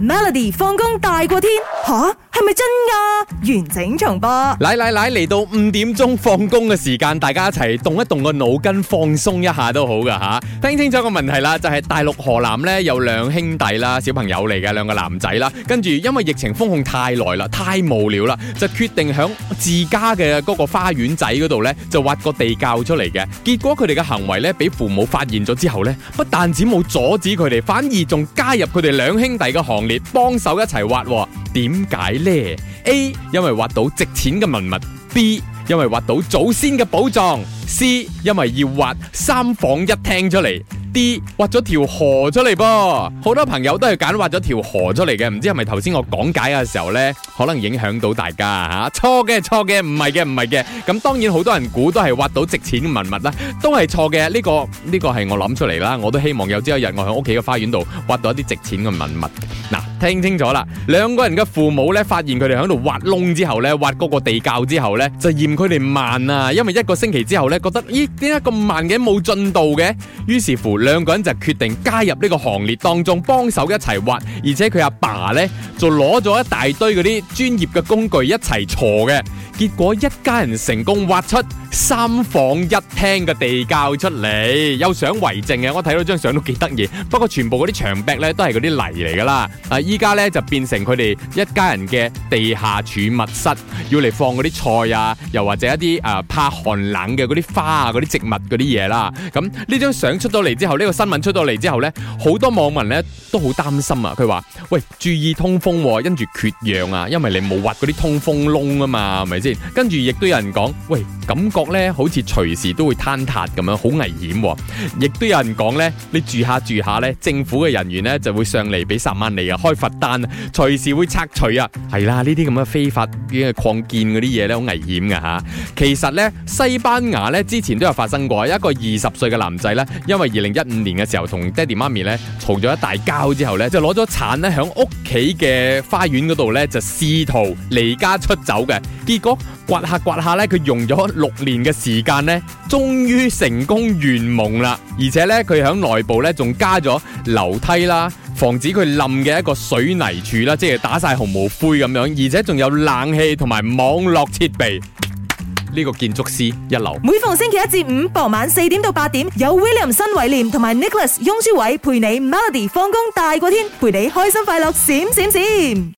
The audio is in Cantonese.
Melody 放工大過天吓，係咪真噶？完整重播，嚟嚟嚟，嚟到五點鐘放工嘅時間，大家一齊動一動個腦筋，放鬆一下都好噶吓。聽清楚個問題啦，就係、是、大陸河南咧有兩兄弟啦，小朋友嚟嘅兩個男仔啦，跟住因為疫情封控太耐啦，太無聊啦，就決定響自家嘅嗰個花園仔嗰度咧就挖個地窖出嚟嘅，結果佢哋嘅行為咧俾父母發現咗之後咧，不但止冇阻止佢哋，反而仲加入佢哋兩兄弟嘅行列，幫手一齊挖，點解呢？a 因為挖到值錢嘅文物。B 因為挖到祖先嘅寶藏，C 因為要挖三房一廳出嚟，D 挖咗條河出嚟噃。好多朋友都係揀挖咗條河出嚟嘅，唔知係咪頭先我講解嘅時候呢，可能影響到大家吓。錯嘅，錯嘅，唔係嘅，唔係嘅。咁當然好多人估都係挖到值錢嘅文物啦，都係錯嘅。呢個呢個係我諗出嚟啦，我都希望有朝一日我喺屋企嘅花園度挖到一啲值錢嘅文物。嗱。聽清楚啦，兩個人嘅父母咧，發現佢哋喺度挖窿之後咧，挖嗰個地窖之後咧，就嫌佢哋慢啊，因為一個星期之後咧，覺得咦，點解咁慢嘅，冇進度嘅。於是乎，兩個人就決定加入呢個行列，當中幫手一齊挖，而且佢阿爸咧就攞咗一大堆嗰啲專業嘅工具一齊坐嘅。結果一家人成功挖出三房一廳嘅地窖出嚟，有相為證嘅。我睇到張相都幾得意，不過全部嗰啲牆壁咧都係嗰啲泥嚟㗎喇啊。依家咧就變成佢哋一家人嘅地下儲物室，要嚟放嗰啲菜啊，又或者一啲誒、啊、怕寒冷嘅嗰啲花啊、嗰啲植物嗰啲嘢啦。咁、嗯、呢張相出到嚟之後，呢、呢個新聞出到嚟之後呢，好多網民呢都好擔心啊。佢話：喂，注意通風、啊，因住缺氧啊，因為你冇挖嗰啲通風窿啊嘛，係咪先？跟住亦都有人講：喂。感覺咧，好似隨時都會坍塌咁樣，好危險。亦都有人講咧，你住下住下咧，政府嘅人員咧就會上嚟俾十瑪尼啊開罰單，隨時會拆除啊。係啦，呢啲咁嘅非法嘅擴建嗰啲嘢咧，好危險㗎吓。其實咧，西班牙咧之前都有發生過，一個二十歲嘅男仔咧，因為二零一五年嘅時候同爹哋媽咪咧嘈咗一大交之後咧，就攞咗鏟咧響屋企嘅花園嗰度咧就試圖離家出走嘅，結果。刮下刮下咧，佢用咗六年嘅時間咧，終於成功圓夢啦！而且咧，佢響內部咧仲加咗樓梯啦，防止佢冧嘅一個水泥柱啦，即係打晒紅毛灰咁樣，而且仲有冷氣同埋網絡設備。呢個建築師一流。每逢星期一至五傍晚四點到八點，有 William 新偉廉同埋 Nicholas 庸舒偉陪你 Melody 放工大過天，陪你開心快樂閃，閃閃閃。